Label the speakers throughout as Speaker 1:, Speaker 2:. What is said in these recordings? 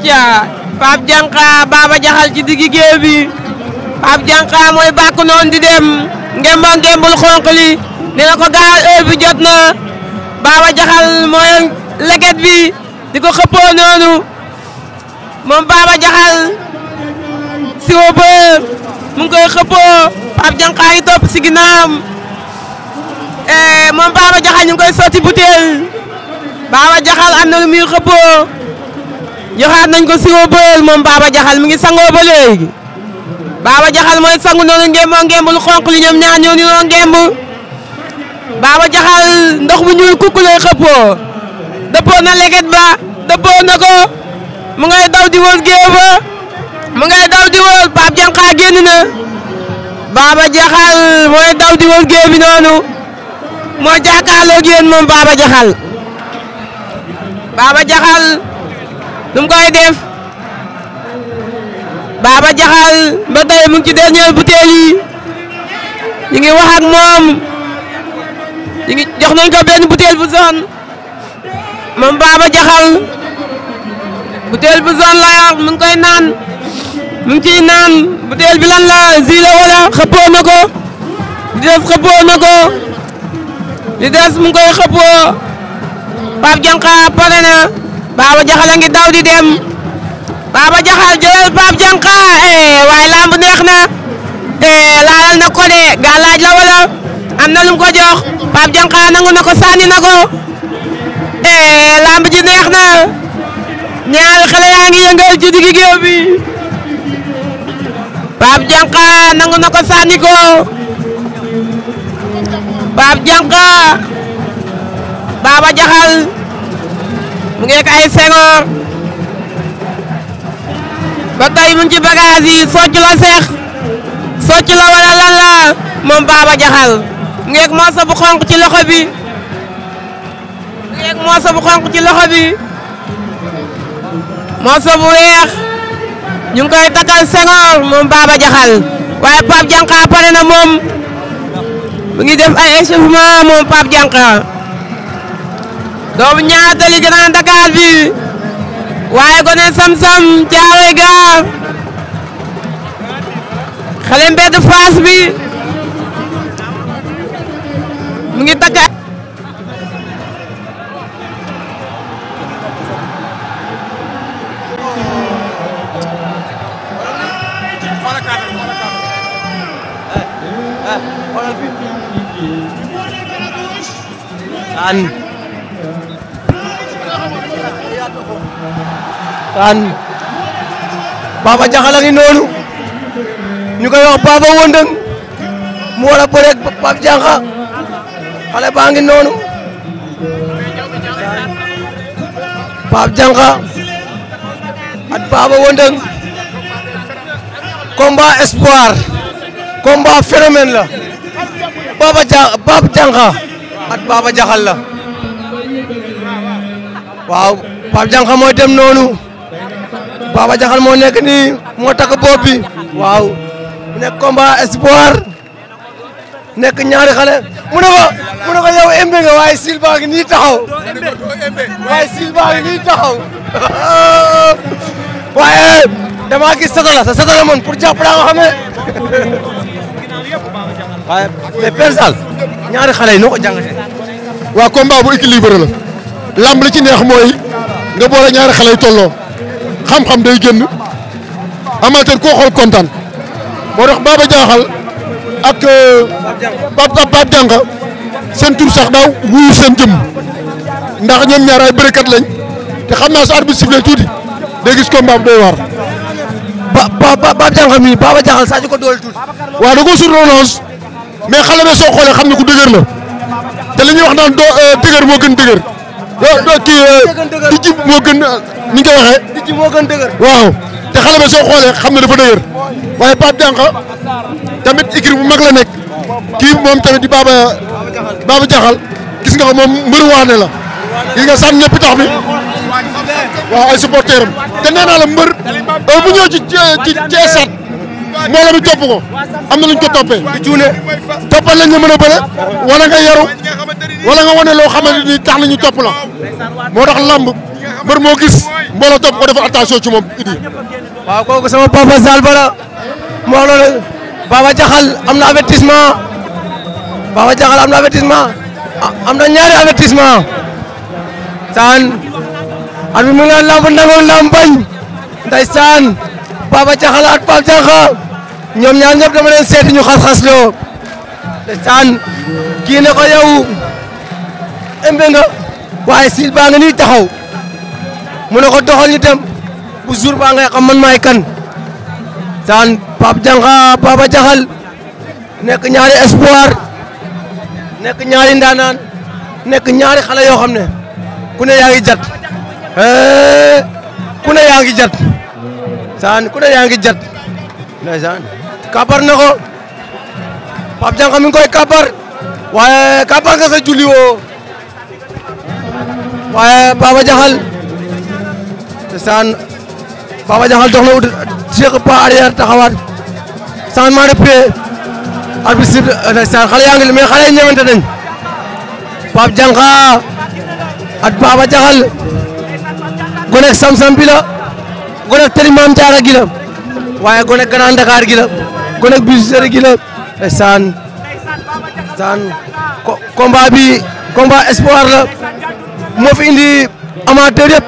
Speaker 1: acca Pape Dianka Baba Jaxal ci diggi géew bi mooy bàkk noonu di dem ngembal ngembul xonq li nee na ko gaawal heure jot na Baba Jaxal mooy leget di ko xëppoo noonu moom Baba Jaxal si wo ba koy xëppoo Pape Dianka ngi topp si eh, moom Baba Jaxal ñu koy sotti butéel Baba Jaxal am na lu muy joxaat nañ ko siwo boyel moom Baba Jaxal mi ngi sangoo ba léegi Baba Jaxal mooy sangu noonu ngémbo ngémb lu xonq li ñoom ñaar ñoo ñu noo ngémb Baba Jaxal ndox bu ñuul kukk lay xëppoo dëppoo leget ba dëppoo ko mu ngay daw di wër géew mu ngay daw di wër Pape Diakha génn na Jaxal mooy daw di wër géew noonu moo jàkkaarloog yéen moom Baba Jaxal nu mu koy def Baba Jaxal ba tey mu ngi ci dernier bouteille yi ñu ngi wax moom ñu ngi jox nañ ko benn bouteille bu zone moom Baba Jaxal bouteille bu zone lay wax mu koy naan mu ngi ciy naan bouteille bi lan la zile wala xëppoo ko li des ko li des mu ngi koy xëppoo Pape Dianka pare na Baba Jaxal a ngi daw di dem Baba Jaxal jëlal Pape Dianka eh, waaye lamb neex na eh, laalal na ko de galaaj la wala am na lum ko jox Pape Dianka nangu na ko sànni na ko eh, lamb ji neex na ñaari xale yaa ngi yëngal ci digg géew bi Pape Dianka nangu na ko sànni ko Pape Dianka Baba Jaxal mu ngi ay Senghor ba tey mu ngi ci bagage yi socc la seex socc la wala lan la moom Baba Diakhal mu ngi moosa bu xonq ci loxo bi mu ngi moosa bu xonq ci loxo bi moosa bu weex ñu ngi koy takkal Senghor moom Baba Diakhal waaye Pape Dianka pare na moom mu ngi def ay échauffement moom Pape Dianka doomu Niary Tally Grand Dakar bi waaye gone sam-sam Thiaroye Gare xale mbedd bi mu ngi takk
Speaker 2: kan Baba Jaxal a noonu ñu koy wax Baba Wëndëng mu war a bëreeg Pape Diakha xale baa ngi noonu Pape Diakha at Baba Wëndëng combat espoir combat phénomène la Baba Dia Pape Diakha Jaxal la waaw Pape Diakha mooy dem noonu Baba Diakhal moo nekk nii moo takk bopp waaw nekk combat espoir nekk ñaari xale mu ne ko mu ne nga waaye sil baa nii taxaw waaye sil baa nii taxaw waaye dama gis satala sa satala man pour jàpp daa nga xam ne waaye mais Père Sall ñaari xale yi noo ko jàngatee. waaw bu
Speaker 3: équilibré la ci neex mooy. nga boole ñaari xale yu tolloo xam-xam day génn amateur koo xool kontaan moo tax Baba Diakhal ak euh, Pape Pape Dianga seen tur sax daaw wuyu seen jëmm ndax ñoom ñaar ay bërëkat lañ te xam naa su arbitre sifflé tuuti day gis combat bu doy waar. ba ba ba Pape Dianga mii Baba Diakhal saa ñu ko doole tuuti. waaw da ko sur relance mais xale soo xoolee xam ne ku dëgër la te li ñuy wax naan doo euh, dëgër moo gën dëgër. do kii euh, di ji moo gën euh, ni ko waxee. di ji moo gën waaw te xale ba soo xoolee xam na dafa dëgër waaye Pape Diakha tamit ikir bu mag la nekk kii moom tamit di Baba Baba Diakhal gis nga ko moom mbër waane la gis nga sànni ñëpp tax mi waaw ay supporter am te nee naa la mbër bu ñëw ci ci ci stade mbooloo mi topp ko am na lu ñu ko toppee. di cuune toppal lañ la mën a bëre wala nga yaru wala nga wane loo xamante ni tax nañu topp la moo tax lamb mbër moo gis mbooloo topp ko dafa attention ci
Speaker 2: idi waaw kooku sama papa Sall Bala moo loolu Jaxal am na avertissement Baba Jaxal am na avertissement am na ñaari avertissement saan at bi mu ngi lamb nangoon lamb bañ ndeysaan Baba Jaxal ak Pape Jaxal ñoom ñaar ñëpp dama leen seeti ñu xas-xas loo ndeysaan kii ne ko yow ëmbe nga waaye sil baa nga nii taxaw mu ne ko doxal ñu dem bu jour baa ngay xam man maay kan saan Pape Diakha ah, Baba Diakhal nekk ñaari espoir nekk ñaari ndaanaan nekk ñaari xale yoo xam ne ku ne yaa ngi jat eh, ku ne yaa ngi jat saan ku ne yaa ngi jat kabar na ko Pape Diakha mi ngi kabar waaye kabar nga sa julli woo waaye Baba Diakhal saan Baba Diakhal dox na ut jeex pas arrière taxawaat changement de pied arbitre ndeysaan xale yaa ngi mais xale yi ñëwante nañ Pape Diankha ak Baba Diakhal gonek Samsam bi la gonek tëri Maam Jaara gi waaye gonek Grand Dakar gi gonek Bijouterie gi la ndeysaan saan combat bi combat espoir la moo fi indi amateur yëpp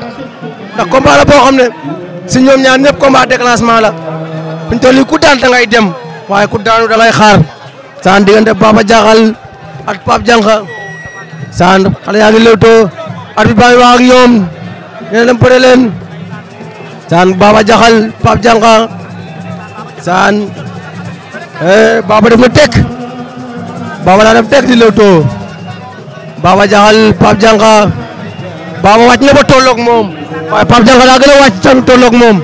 Speaker 2: ndax combat boo xam ne si ñoom ñaar ñëpp combat déclenchement la fi ñu toll nii daan da dem waaye ku daanu da ngay xaar. saan diggante Baba Diakhal ak Pape Diankha saan xale yaa ngi lewtoo at bi baa ngi wax ñoom nee na bëre saan Baba Diakhal Pape Diankha saan Baba eh, def na tek Baba daa def tek di lewtoo Baba Diakhal Pape Diankha Baba wàcc na ba tolloog moom waaye Pape Diallo daa gën a wàcc tan tolloog moom.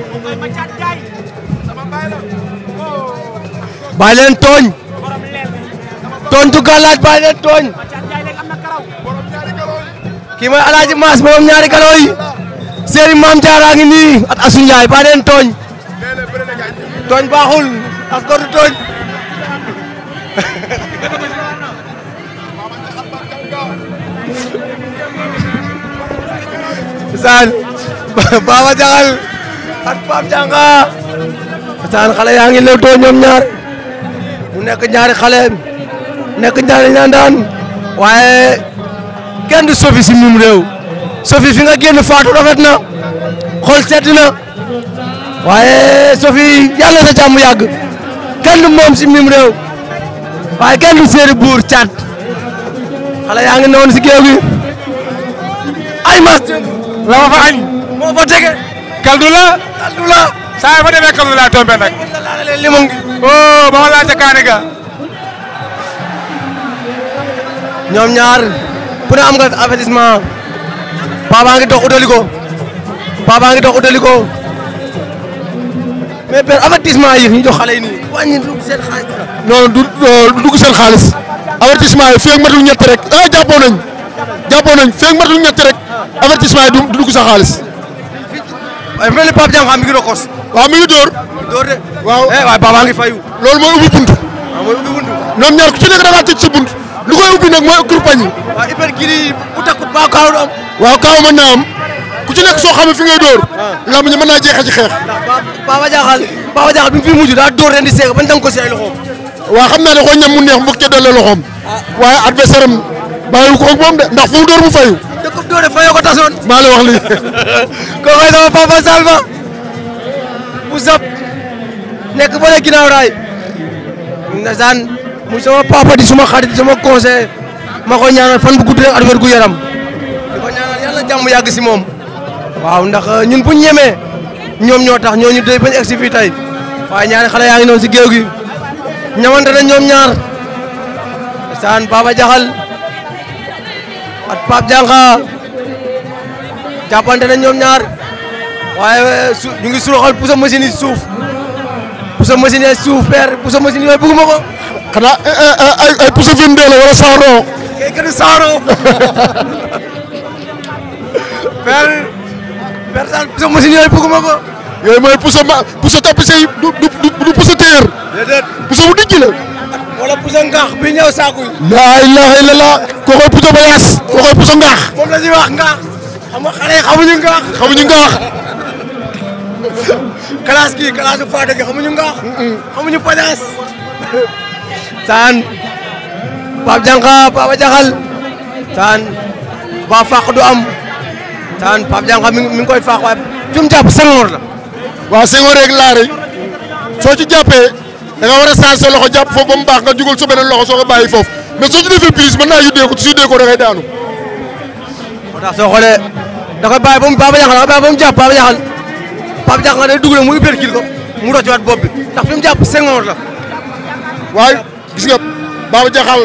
Speaker 2: bàyyi leen tooñ. tontu gàllaaj bàyyi leen tooñ. kii mooy Alaaji Maas borom ñaari galon yi. Serigne Mame Diarra ngi nii at Assou Ndiaye baaxul as góor du saan Baba Diakhal ak Pape Diakha saan xale yaa ngi lewtoo ñoom ñaar mu nekk ñaari xale nekk ñaari ñaandaan waaye kenn du sofi si mim réew sofi fi nga génn faatu rafet na xol sedd na waaye sofi yàlla sa jàmm yàgg kenn du moom si mim réew waaye kenn du séeri buur caat xale yaa ngi newoon si géew gi ay mas la ma fa añ. moo fa tege. Kaldoula. Kaldoula. saa yi fa demee Kaldoula tombé nag. li mu ngi. ba ma laajte kaani ñoom ñaar ku ne am nga avertissement. Papa ngi dox utali ko. Papa ngi dox utali ko. mais père avertissement yi ñu jox xale yi nii. wàññi dugg seen xaalis. non du
Speaker 3: dugg seen xaalis. avertissement yi fii ak matul ñett rek ah jàppoo nañ jàppoon nañ feeg matul ñett rek avertissement yi du dugg sa xaalis. waaye mel ni Pape Diakha mi ngi rokos. waaw mi ngi dóor. dóor de. waaw eh waaye Baba ngi fayu. loolu mooy ubbi bunt. waaw ah, mooy ubbi bunt. ñoom ñaar ku ci nekk da ngaa tëj sa bunt. lu koy ubbi nag mooy ah, kurpañ yi. ba kaaw am. waaw kaaw mën naa am ku ci nekk soo xamee fi ngay dóor. waaw ah. làmb naa jeexee ci xeex. ndax Baba Diakha Baba Diakha bi mu fi mujj daa dóor ren di seeg ban dang ko si ay loxoom. waaw xam naa ne ñam mu neex mbokk ca doole loxoom. waaye adversaire bàyyiwu ko ak moom de ndax fu door bu
Speaker 2: doole fayoo ko tasoon. maa la wax lii. koo sama papa Salma mu sab nekk ba la ginnaaw raay nasaan mu sama papa di suma xarit di suma conseiller ma ko ñaanal fan bu gudd rek at gu yaram di ko ñaanal yàgg si moom. waaw ndax euh, ñun bu ñu ñemee ñoom ñoo tax ñoo ñu doy bañ egg si fii tey waaye ñaari xale yaa ngi noonu si géew gi ñamante ñoom ñaar saan Baba Jaxal ak Pape Diakha jàppante nañ ñoom ñaar waaye eh, su ñu ngi suroxal pousse machine yi suuf pousse machine yi suuf père pousse machine yooyu bëgguma ko. Eh, eh, ay ay pousse vinde wala saaro. kay gën a saaro.
Speaker 3: machine yooyu bëgguma ko. yooyu mooy pousse du du du pousse téer. wala
Speaker 2: pousse ngaax bi ñëw saako yi. laa ilaaha illallah kooku mooy puso ngaax. moom la ñuy wax ngaax. xam nga xale yi xamuñu ngaax. xamuñu ngaax. classe kii saan. Pape Diakha du am. saan Pape Diakha mi ngi koy fàq waaye fi mu jàpp Senghor la.
Speaker 3: waaw Senghor rek laa rek soo ci jàppee da nga war a saal sa loxo jàpp foofu ba mu baax nga jugal sa beneen loxo soo ko foofu mais soo ci defee prise mën naa yuddee ko su yuddee ko daanu.
Speaker 2: moo soo xoolee da koy bàyyi ba mu Papa Diakhal da koy mu jàpp Papa Diakhal Papa Diakhal day dugg mu ko mu rocc waat bopp bi ndax fi mu jàpp Senghor la. waaye gis
Speaker 3: nga Papa Diakhal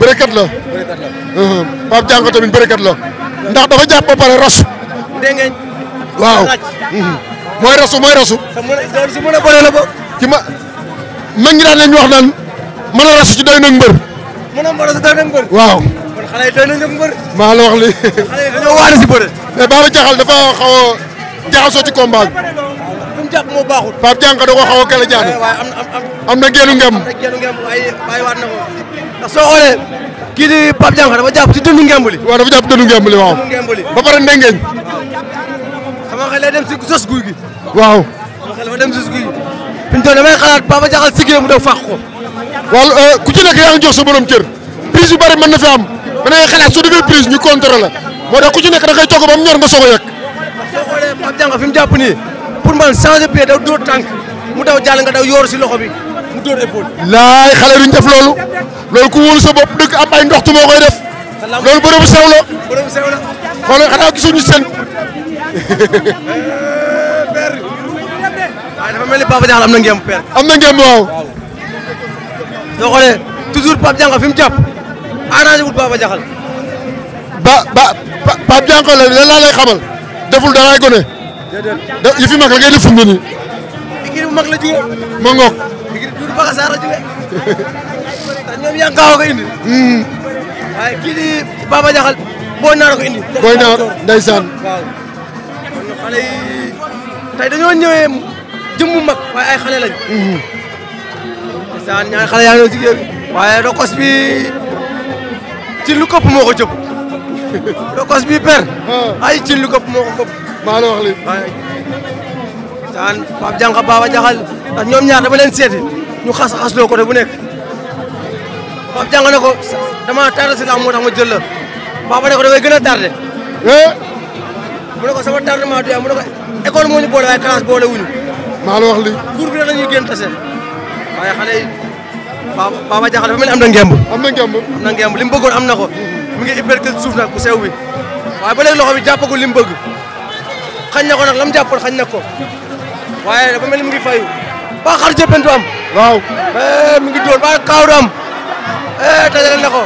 Speaker 3: bërekat la. bërekat la Papa Diakhal tamit la ndax dafa jàpp ba pare ros. dégg ngeen. waaw mooy rasu mooy rasu. sa a sa a ma mag ñi daan leen ñu wax a rasu ci doy na a rasu doy na mbër waaw. xale yi tey nañu ak mbër. maa la wax li xale yi dañoo waane si bëre. mais Baba dafa a jaxasoo ci combat bi.
Speaker 2: fu mu jàpp moo baaxul. Pape Diakha da koo xaw a kale eh, am na génnu ngem. am waaye bàyyiwaat soo xoolee kii di Pape Diakha dafa jàpp si dëndu ngemb li. waaw li waaw. ba pare ndengeñ. sama xel lay dem si sos guy gi. waaw. sama xel dafa dem si sos guy gi. fi mu toll damay xalaat Baba Diakhal siggee mu daw
Speaker 3: euh, ku ci nekk yaa ngi jox sa mën na fi da ngay xalaat su defee prise ñu
Speaker 2: contrôlé la moo tax ku ci nekk da ngay togg ba mu ñor nga soog a yëg. soo xoolee Pape Diakha fi mu jàpp nii pour man changer pied daw dóor tànk mu daw jàll nga daw yooru si loxo bi mu dóor épaule. laay xale duñ def loolu loolu ku wóolu soo bopp dëkk am ay ndoxtu moo koy def loolu bërëbu sew la. bërëbu sew la xoolal xanaa gisuñu seen. waaye dafa mel ni Pape Diakha am na ngeen père. am na ngeen waaw. soo xoolee toujours Pape Diakha fi mu jàpp. arrangé wul Baba Diakhal. ba
Speaker 3: ba Pape Diakhal la laa lay xamal deful daraay gone.
Speaker 2: déedéet
Speaker 3: yu fi mag la ngay def fu mu ne nii. kii
Speaker 2: bu mag la jugee. ma ngoog. kii du Baxa Sarr la hmm. naar ko indi. booy naar ndeysaan. waaw kon xale yi tey dañoo ñëwee mag waaye ay xale lañ. Hmm. waaye dokos bi. cin lu këpp moo ko jëpp. Lacoste bi ay cin lu këpp moo ko këpp. maa la wax li saan Pape Diakha Baba Diakhal ñoom ñaar dama leen seeti ñu xas xas loo côté bu nekk Pape Diakha ne ko dama tardé si làmb moo tax ma jël la Baba ne ko dafay gën a tardé. Eh? mu ne ko sama tardement du mu ne ko école moo ñu boole waaye classe boole wuñu. maa la wax li cour bi la ñuy génn tase waaye xale Baba Diakhal dafa mel ni am na ngemb. am na ngemb am na ngemb li mu bëggoon am na ko. mu ngi hypercule suuf nag bu bi. waaye ba léegi loxo bi jàppagul li mu bëgg. xañ na ko nag la mu jàppoon xañ na ko. waaye dafa mel ni mu ngi fayu. ba xar jëppantu am. waaw. Eh, mi ngi doon ba kaaw du am. tajale eh, na ko.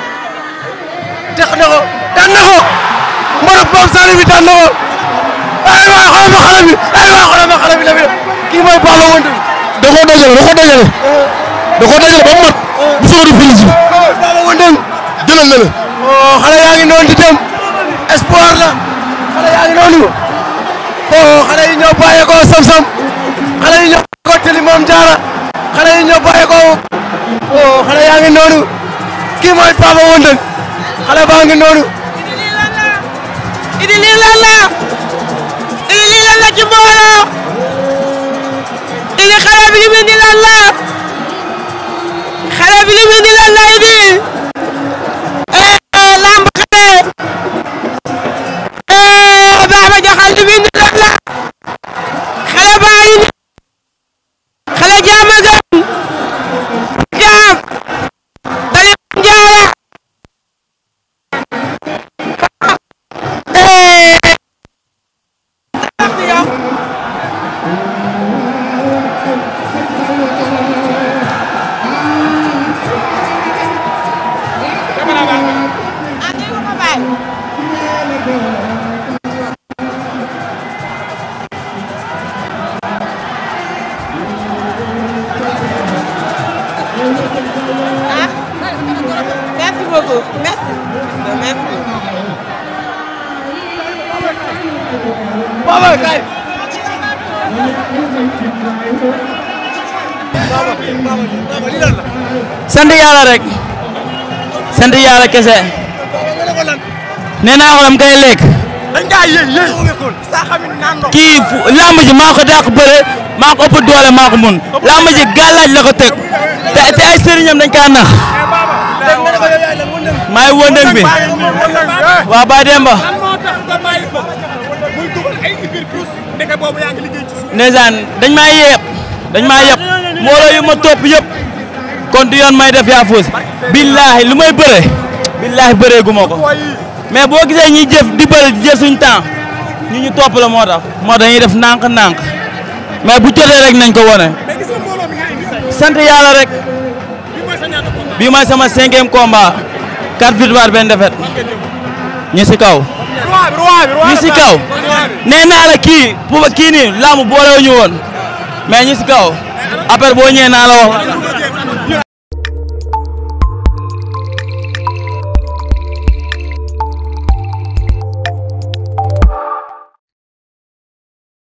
Speaker 2: dex na ko daan na ko. Morog Pape na ko. ay eh, waay xoolal ma xale bi ay waay xoolal ma xale bi la bi kii mooy Pape Wonde bi. da koo dajale da ba mat. Moussa Ndoye Félix bi. jëlal na la. oh xale yaa ngi noonu di dem. espoir la. xale yaa ngi noonu. oh xale yi ñoo bàyyeekoo sam-sam. xale yi ñoo bàyyeekoo Télé Mame Diarra. xale yi ñoo bàyyeekoo. oh xale yaa ngi noonu. kii mooy Papa Wondel. xale baa ngi noonu. idi lii
Speaker 1: lan la. idi lii lan la ci mbooloo. idi xale bi ñu bind lan la. Bilibili la sant yàlla rek sant yàlla kese nee naa ko dama koy lekk. dañ kaa yëy yëy. kii làmb ji maa ko dàq bëre maa ko ëpp doole maa mun làmb ji gàllaaj la ko teg te te ay sëriñam dañ kaa nax.
Speaker 2: maay wëndëng bi
Speaker 3: waa Baye Demba.
Speaker 1: ndeysaan dañ maa yeb dañ maa yeb mbooloo ma topp yëpp. kon du yoon may def yaa fuus billaahi lu may bëre billaahi bëree gu ma ko mais boo gisee ñi jëf di bëri di suñ temps ñu ñu topp moo tax moo dañuy def nànk-nànk mais bu jotee rek nañ ko wone sant yàlla rek bii mooy sama cinquième combat quatre victoires benn défaite ñi si kaw ñu si kaw nee naa la kii pour kii nii laamu boolewuñu woon mais ñu si kaw après boo ñëwee naa la